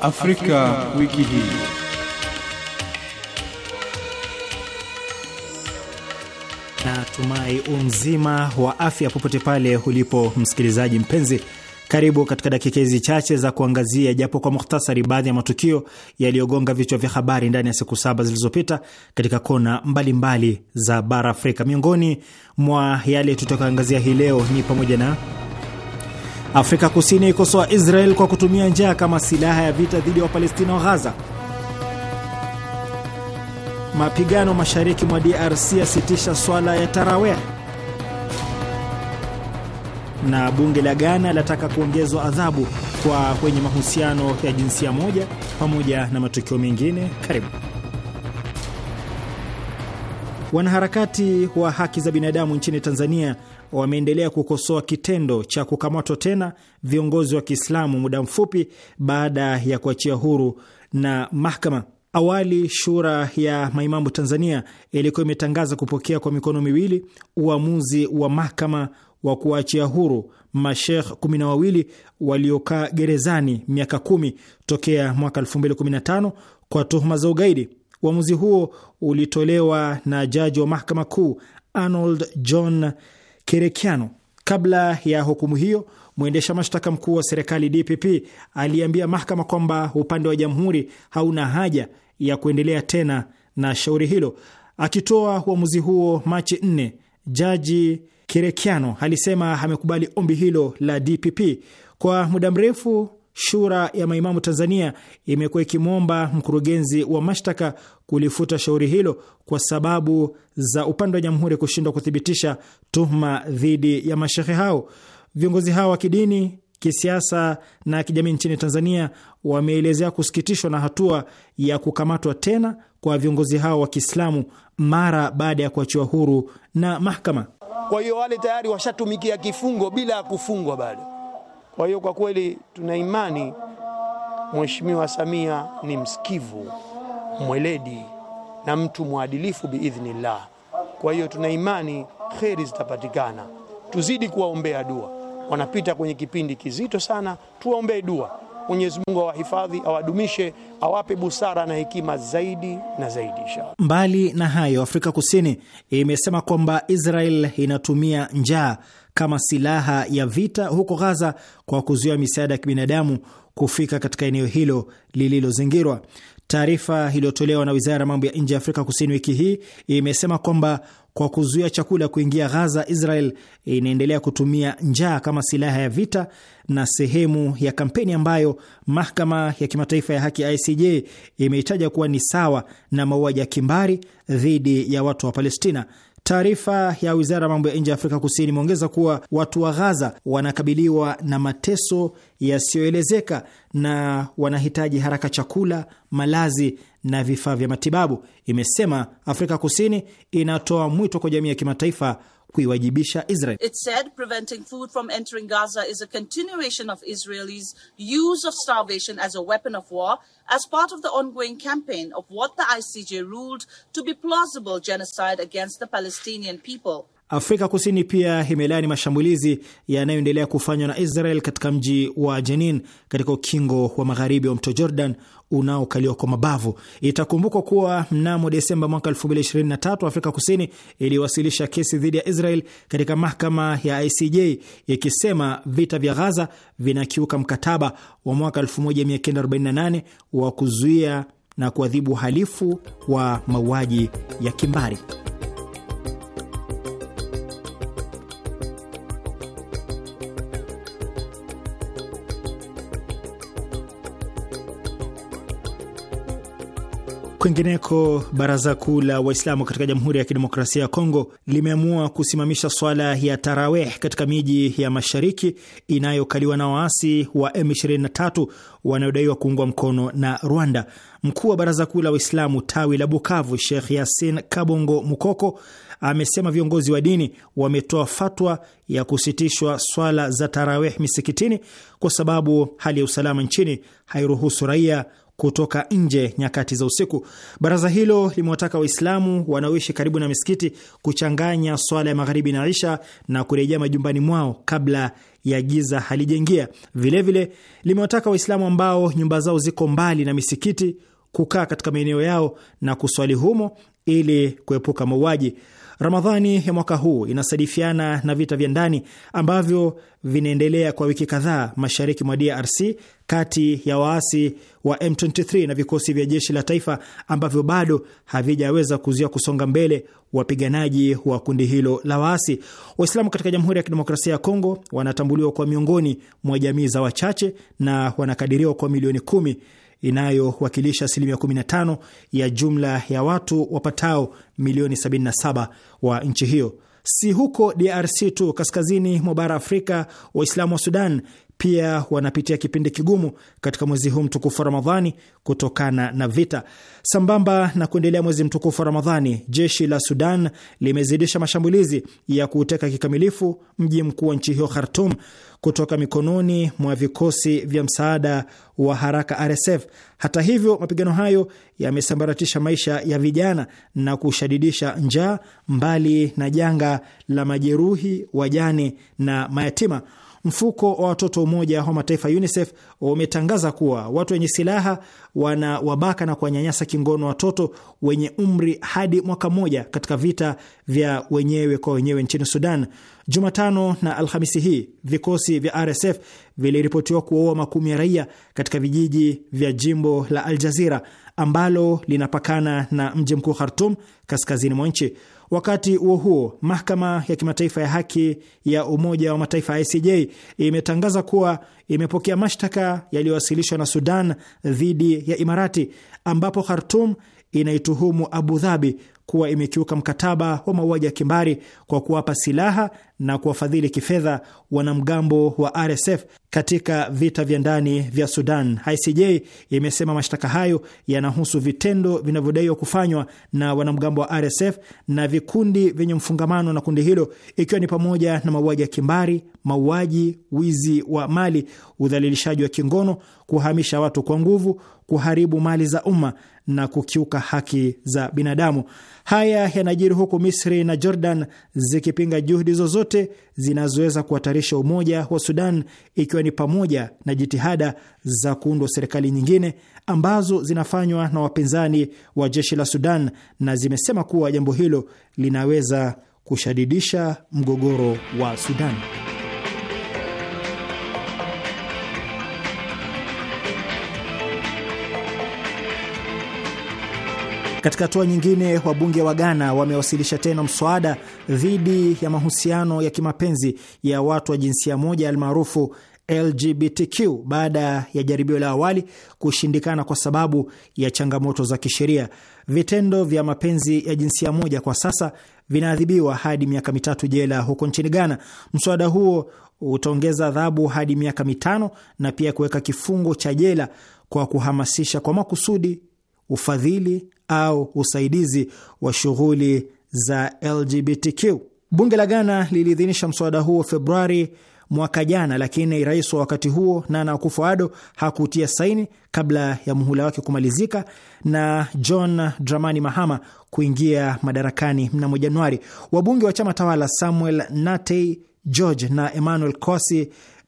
Afrika, Afrika. Wiki hii Natumai umzima wa afya popote pale ulipo msikilizaji mpenzi karibu katika dakika hizi chache za kuangazia japo kwa muhtasari baadhi ya matukio yaliyogonga vichwa vya habari ndani ya siku saba zilizopita katika kona mbalimbali mbali za bara Afrika. Miongoni mwa yale tutakaangazia hii leo ni pamoja na Afrika Kusini ikosoa Israel kwa kutumia njaa kama silaha ya vita dhidi ya Wapalestina wa Ghaza, mapigano mashariki mwa DRC yasitisha swala ya taraweh na bunge la Ghana lataka kuongezwa adhabu kwa wenye mahusiano ya jinsia moja, pamoja na matukio mengine. Karibu. Wanaharakati wa haki za binadamu nchini Tanzania wameendelea kukosoa kitendo cha kukamatwa tena viongozi wa Kiislamu muda mfupi baada ya kuachia huru na mahakama. Awali shura ya maimamu Tanzania ilikuwa imetangaza kupokea kwa mikono miwili uamuzi wa mahakama wa kuachia huru mashekh 12 waliokaa gerezani miaka kumi tokea mwaka 2015 kwa tuhuma za ugaidi. Uamuzi huo ulitolewa na jaji wa mahakama kuu Arnold John Kerekiano. Kabla ya hukumu hiyo, mwendesha mashtaka mkuu wa serikali DPP aliambia mahakama kwamba upande wa jamhuri hauna haja ya kuendelea tena na shauri hilo. Akitoa uamuzi huo Machi 4, jaji kirekiano alisema amekubali ombi hilo la DPP. Kwa muda mrefu Shura ya Maimamu Tanzania imekuwa ikimwomba mkurugenzi wa mashtaka kulifuta shauri hilo kwa sababu za upande wa jamhuri kushindwa kuthibitisha tuhuma dhidi ya mashehe hao. Viongozi hao wa kidini, kisiasa na kijamii nchini Tanzania wameelezea kusikitishwa na hatua ya kukamatwa tena kwa viongozi hao wa Kiislamu mara baada ya kuachiwa huru na mahakama. Kwa hiyo wale tayari washatumikia kifungo bila ya kufungwa bado. Kwa hiyo kwa kweli tuna imani Mheshimiwa Samia ni msikivu, mweledi na mtu mwadilifu biidhnillah. Kwa hiyo tuna imani kheri zitapatikana. Tuzidi kuwaombea dua, wanapita kwenye kipindi kizito sana, tuwaombee dua. Mwenyezi Mungu awahifadhi, awadumishe, awape busara na hekima zaidi na zaidi inshallah. Mbali na hayo, Afrika Kusini imesema kwamba Israel inatumia njaa kama silaha ya vita huko Gaza kwa kuzuia misaada ya kibinadamu kufika katika eneo hilo lililozingirwa. Taarifa iliyotolewa na wizara ya mambo ya nje ya Afrika Kusini wiki hii imesema kwamba kwa kuzuia chakula kuingia Ghaza, Israel inaendelea kutumia njaa kama silaha ya vita na sehemu ya kampeni ambayo mahakama ya kimataifa ya haki ICJ imeitaja kuwa ni sawa na mauaji ya kimbari dhidi ya watu wa Palestina. Taarifa ya wizara ya mambo ya nje ya Afrika Kusini imeongeza kuwa watu wa Ghaza wanakabiliwa na mateso yasiyoelezeka na wanahitaji haraka chakula, malazi na vifaa vya matibabu, imesema Afrika Kusini inatoa mwito kwa jamii ya kimataifa kuiwajibisha Israel. It said preventing food from entering Gaza is a continuation of israelis use of starvation as a weapon of war as part of the ongoing campaign of what the ICJ ruled to be plausible genocide against the Palestinian people. Afrika Kusini pia imelaani mashambulizi yanayoendelea kufanywa na Israel katika mji wa Jenin katika ukingo wa magharibi wa mto Jordan unaokaliwa kwa mabavu. Itakumbukwa kuwa mnamo Desemba mwaka 2023 Afrika Kusini iliwasilisha kesi dhidi ya Israel katika mahakama ya ICJ ikisema vita vya Ghaza vinakiuka mkataba wa mwaka 1948 wa kuzuia na kuadhibu uhalifu wa mauaji ya kimbari. Kwingineko, baraza kuu la Waislamu katika Jamhuri ya Kidemokrasia ya Kongo limeamua kusimamisha swala ya taraweh katika miji ya mashariki inayokaliwa na waasi wa M23 wanayodaiwa kuungwa mkono na Rwanda. Mkuu wa baraza kuu la Waislamu tawi la Bukavu, Sheikh Yasin Kabongo Mukoko, amesema viongozi wa dini wametoa fatwa ya kusitishwa swala za taraweh misikitini kwa sababu hali ya usalama nchini hairuhusu raia kutoka nje nyakati za usiku. Baraza hilo limewataka Waislamu wanaoishi karibu na misikiti kuchanganya swala ya magharibi na isha na kurejea majumbani mwao kabla ya giza halijaingia. Vilevile limewataka Waislamu ambao nyumba zao ziko mbali na misikiti kukaa katika maeneo yao na kuswali humo ili kuepuka mauaji. Ramadhani ya mwaka huu inasadifiana na vita vya ndani ambavyo vinaendelea kwa wiki kadhaa mashariki mwa DRC kati ya waasi wa M23 na vikosi vya jeshi la taifa ambavyo bado havijaweza kuzuia kusonga mbele wapiganaji wa kundi hilo la waasi. Waislamu katika Jamhuri ya Kidemokrasia ya Kongo wanatambuliwa kwa miongoni mwa jamii za wachache na wanakadiriwa kwa milioni kumi inayowakilisha asilimia 15 ya jumla ya watu wapatao milioni 77 wa nchi hiyo. Si huko DRC tu, kaskazini mwa bara Afrika, Waislamu wa Sudan pia wanapitia kipindi kigumu katika mwezi huu mtukufu wa Ramadhani kutokana na vita. Sambamba na kuendelea mwezi mtukufu wa Ramadhani, jeshi la Sudan limezidisha mashambulizi ya kuuteka kikamilifu mji mkuu wa nchi hiyo Khartum kutoka mikononi mwa vikosi vya msaada wa haraka RSF. Hata hivyo, mapigano hayo yamesambaratisha maisha ya vijana na kushadidisha njaa, mbali na janga la majeruhi, wajane na mayatima. Mfuko wa watoto Umoja wa Mataifa UNICEF umetangaza kuwa watu wenye silaha wana wabaka na kuwanyanyasa kingono watoto wenye umri hadi mwaka mmoja katika vita vya wenyewe kwa wenyewe nchini Sudan. Jumatano na Alhamisi hii vikosi vya RSF viliripotiwa kuwaua makumi ya raia katika vijiji vya jimbo la Al Jazira ambalo linapakana na mji mkuu Khartum kaskazini mwa nchi. Wakati huo huo, mahakama ya kimataifa ya haki ya Umoja wa Mataifa ICJ imetangaza kuwa imepokea mashtaka yaliyowasilishwa na Sudan dhidi ya Imarati, ambapo Khartum inaituhumu Abu Dhabi kuwa imekiuka mkataba wa mauaji ya kimbari kwa kuwapa silaha na kuwafadhili kifedha wanamgambo wa RSF katika vita vya ndani vya Sudan. ICJ imesema mashtaka hayo yanahusu vitendo vinavyodaiwa kufanywa na wanamgambo wa RSF na vikundi vyenye mfungamano na kundi hilo, ikiwa ni pamoja na mauaji ya kimbari, mauaji, wizi wa mali, udhalilishaji wa kingono, kuhamisha watu kwa nguvu kuharibu mali za umma na kukiuka haki za binadamu. Haya yanajiri huku Misri na Jordan zikipinga juhudi zozote zinazoweza kuhatarisha umoja wa Sudan, ikiwa ni pamoja na jitihada za kuundwa serikali nyingine ambazo zinafanywa na wapinzani wa jeshi la Sudan, na zimesema kuwa jambo hilo linaweza kushadidisha mgogoro wa Sudan. Katika hatua nyingine, wabunge wa Ghana wamewasilisha tena mswada dhidi ya mahusiano ya kimapenzi ya watu wa jinsia moja almaarufu LGBTQ baada ya jaribio la awali kushindikana kwa sababu ya changamoto za kisheria. Vitendo vya mapenzi ya jinsia moja kwa sasa vinaadhibiwa hadi miaka mitatu jela huko nchini Ghana. Mswada huo utaongeza adhabu hadi miaka mitano na pia kuweka kifungo cha jela kwa kuhamasisha kwa makusudi, ufadhili au usaidizi wa shughuli za LGBTQ. Bunge la Ghana liliidhinisha mswada huo Februari mwaka jana, lakini rais wa wakati huo Nana Akufo-Addo hakutia saini kabla ya muhula wake kumalizika na John Dramani Mahama kuingia madarakani mnamo Januari. Wabunge wa chama tawala Samuel Natey George na Emmanuel Kosi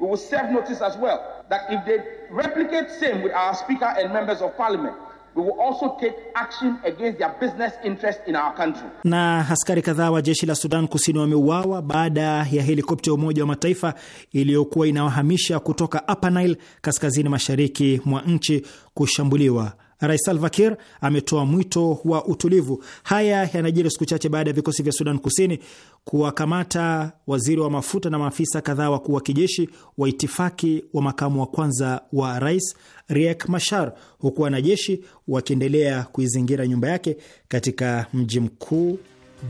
we will serve notice as well that if they replicate same with our speaker and members of parliament We will also take action against their business interest in our country. Na askari kadhaa wa jeshi la Sudan Kusini wameuawa baada ya helikopta ya Umoja wa Mataifa iliyokuwa inawahamisha kutoka Upper Nile kaskazini mashariki mwa nchi kushambuliwa Rais Salva Kiir ametoa mwito wa utulivu. Haya yanajiri siku chache baada ya vikosi vya Sudan Kusini kuwakamata waziri wa mafuta na maafisa kadhaa wakuu wa kijeshi wa itifaki wa makamu wa kwanza wa rais Riek Machar, huku wanajeshi wakiendelea kuizingira nyumba yake katika mji mkuu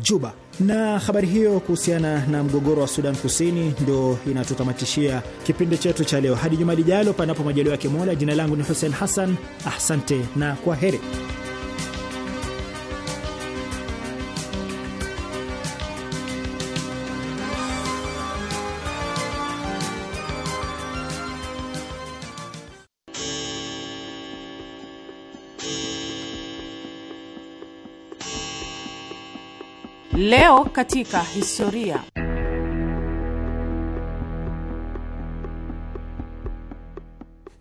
Juba. Na habari hiyo kuhusiana na mgogoro wa Sudan Kusini ndio inatutamatishia kipindi chetu cha leo. Hadi juma lijalo, panapo majaliwa ya Kimola. Jina langu ni Hussein Hassan, asante na kwa heri. Leo katika historia.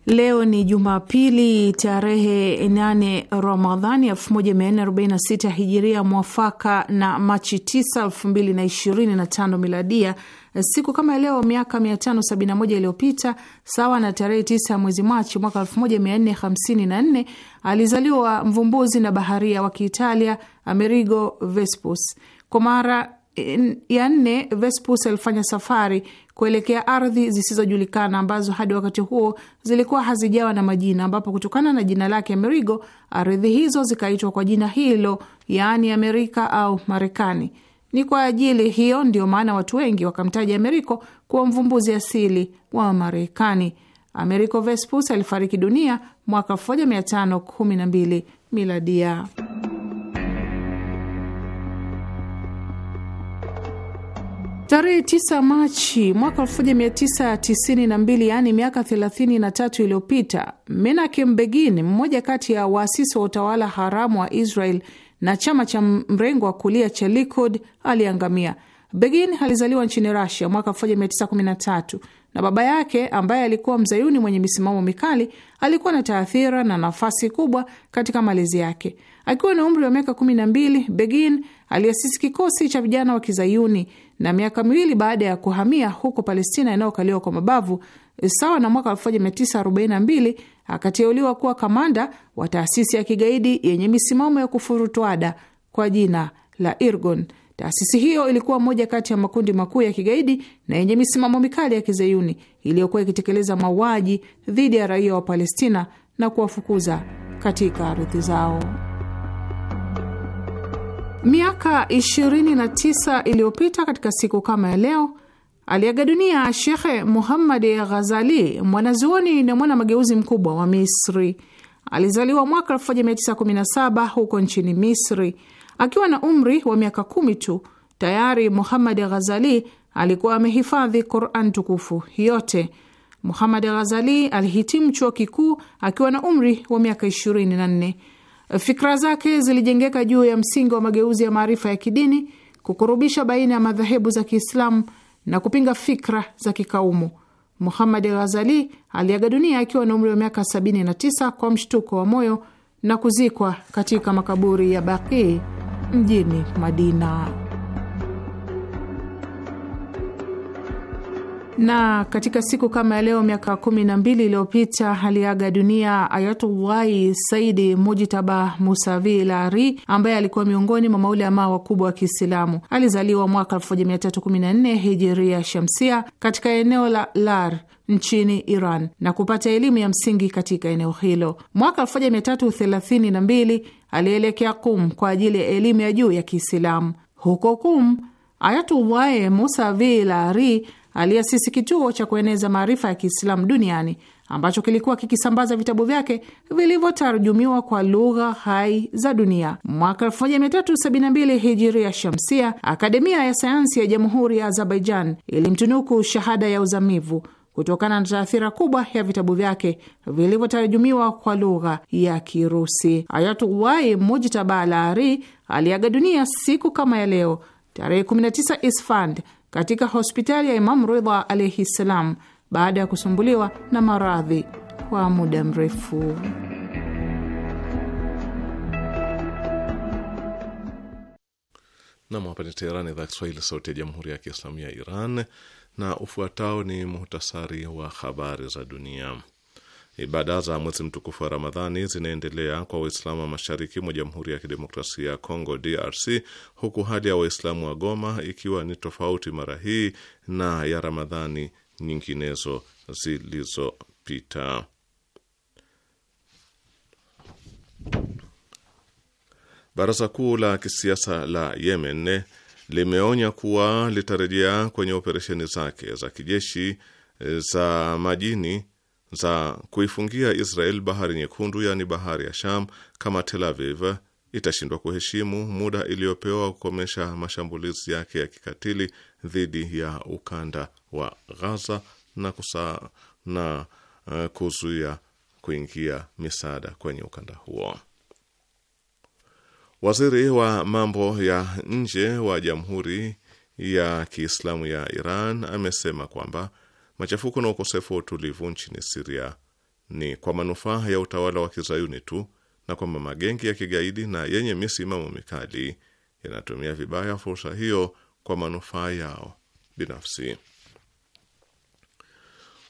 Leo ni Jumapili tarehe 8 Ramadhani 1446 hijiria mwafaka na Machi 9, 2025 miladia. Siku kama leo miaka 571 iliyopita, sawa na tarehe 9 mwezi Machi mwaka 1454, alizaliwa mvumbuzi na baharia wa Kiitalia Amerigo Vespucci. Kwa mara ya nne Vespus alifanya safari kuelekea ardhi zisizojulikana ambazo hadi wakati huo zilikuwa hazijawa na majina, ambapo kutokana na jina lake Amerigo ardhi hizo zikaitwa kwa jina hilo, yaani Amerika au Marekani. Ni kwa ajili hiyo ndio maana watu wengi wakamtaja Ameriko kuwa mvumbuzi asili wa Marekani. Ameriko Vespus alifariki dunia mwaka 1512 miladia. Tarehe 9 Machi mwaka 1992, yaani miaka 33 iliyopita, Menachem Begin, mmoja kati ya waasisi wa utawala haramu wa Israel na chama cha mrengo wa kulia cha Likud, aliangamia. Begin alizaliwa nchini Russia mwaka 1913 na baba yake ambaye alikuwa mzayuni mwenye misimamo mikali alikuwa na taathira na nafasi kubwa katika malezi yake. Akiwa na umri wa miaka 12, Begin aliasisi kikosi cha vijana wa kizayuni na miaka miwili baada ya kuhamia huko Palestina inayokaliwa kwa mabavu sawa na mwaka 1942 akateuliwa kuwa kamanda wa taasisi ya kigaidi yenye misimamo ya kufurutuada kwa jina la Irgon. Taasisi hiyo ilikuwa moja kati ya makundi makuu ya kigaidi na yenye misimamo mikali ya kizayuni iliyokuwa ikitekeleza mauaji dhidi ya raia wa Palestina na kuwafukuza katika ardhi zao. Miaka 29 iliyopita katika siku kama ya leo aliaga dunia Shekhe Muhammad Ghazali, mwanazuoni na mwana mageuzi mkubwa wa Misri. Alizaliwa mwaka 1917 huko nchini Misri. Akiwa na umri wa miaka kumi tu tayari Muhammad Ghazali alikuwa amehifadhi Quran tukufu yote. Muhammad Ghazali alihitimu chuo kikuu akiwa na umri wa miaka 24. Fikra zake zilijengeka juu ya msingi wa mageuzi ya maarifa ya kidini, kukurubisha baina ya madhehebu za Kiislamu na kupinga fikra za kikaumu. Muhammad ghazali aliaga dunia akiwa na umri wa miaka 79 kwa mshtuko wa moyo na kuzikwa katika makaburi ya Baqi mjini Madina. Na katika siku kama ya leo miaka kumi na mbili iliyopita aliaga dunia Ayatullahi Saidi Mujitaba Musavi Lari, ambaye alikuwa miongoni mwa maulama wakubwa wa Kiislamu. Alizaliwa mwaka 1314 hijiria shamsia katika eneo la Lar nchini Iran na kupata elimu ya msingi katika eneo hilo. Mwaka 1332 alielekea Kum kwa ajili ya elimu ya juu ya Kiislamu. Huko Kum, Ayatullahi Musavi Lari aliasisi kituo cha kueneza maarifa ya Kiislamu duniani ambacho kilikuwa kikisambaza vitabu vyake vilivyotarjumiwa kwa lugha hai za dunia. Mwaka 1372 hijiri ya shamsia, akademia ya sayansi ya jamhuri ya Azerbaijan ilimtunuku shahada ya uzamivu kutokana na taathira kubwa ya vitabu vyake vilivyotarjumiwa kwa lugha ya Kirusi. Ayatullahi Mujtaba Laari aliaga dunia siku kama ya leo tarehe 19 Isfand katika hospitali ya Imamu Ridha alaihi ssalam baada ya kusumbuliwa na maradhi kwa muda mrefu. Nam, hapa ni Teherani, idhaa Kiswahili, sauti ya jamhuri ya kiislamu ya Iran. Na ufuatao ni muhtasari wa habari za dunia. Ibada za mwezi mtukufu wa Ramadhani zinaendelea kwa Waislamu wa mashariki mwa Jamhuri ya Kidemokrasia ya Kongo, DRC, huku hali ya Waislamu wa Goma ikiwa ni tofauti mara hii na ya Ramadhani nyinginezo zilizopita. Baraza kuu la kisiasa la Yemen limeonya kuwa litarejea kwenye operesheni zake za kijeshi za majini za kuifungia Israel bahari nyekundu, yaani bahari ya Sham, kama Tel Aviv itashindwa kuheshimu muda iliyopewa kukomesha mashambulizi yake ya kikatili dhidi ya ukanda wa Gaza na, na uh, kuzuia kuingia misaada kwenye ukanda huo. Waziri wa mambo ya nje wa Jamhuri ya Kiislamu ya Iran amesema kwamba Machafuko na ukosefu wa utulivu nchini Siria ni kwa manufaa ya utawala wa kizayuni tu na kwamba magengi ya kigaidi na yenye misimamo mikali yanatumia vibaya fursa hiyo kwa manufaa yao binafsi.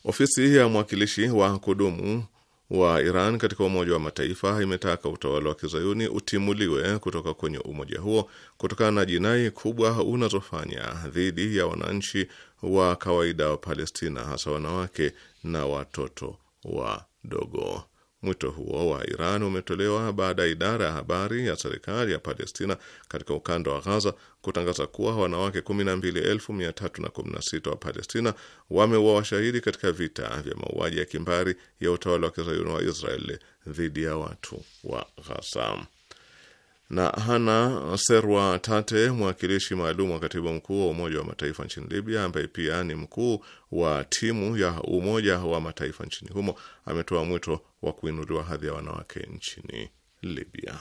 Ofisi ya mwakilishi wa kudumu wa Iran katika Umoja wa Mataifa imetaka utawala wa kizayuni utimuliwe kutoka kwenye umoja huo kutokana na jinai kubwa unazofanya dhidi ya wananchi wa kawaida wa Palestina, hasa wanawake na watoto wadogo. Mwito huo wa Iran umetolewa baada ya idara ya habari ya serikali ya Palestina katika ukanda wa Ghaza kutangaza kuwa wanawake 12316 wa Palestina wameua washahidi katika vita vya mauaji ya kimbari ya utawala wa kizayuni wa israel dhidi ya watu wa Ghaza. Na Hana Serwa Tate, mwakilishi maalum wa katibu mkuu wa Umoja wa Mataifa nchini Libya, ambaye pia ni mkuu wa timu ya Umoja wa Mataifa nchini humo, ametoa mwito wa kuinuliwa hadhi ya wanawake nchini Libya.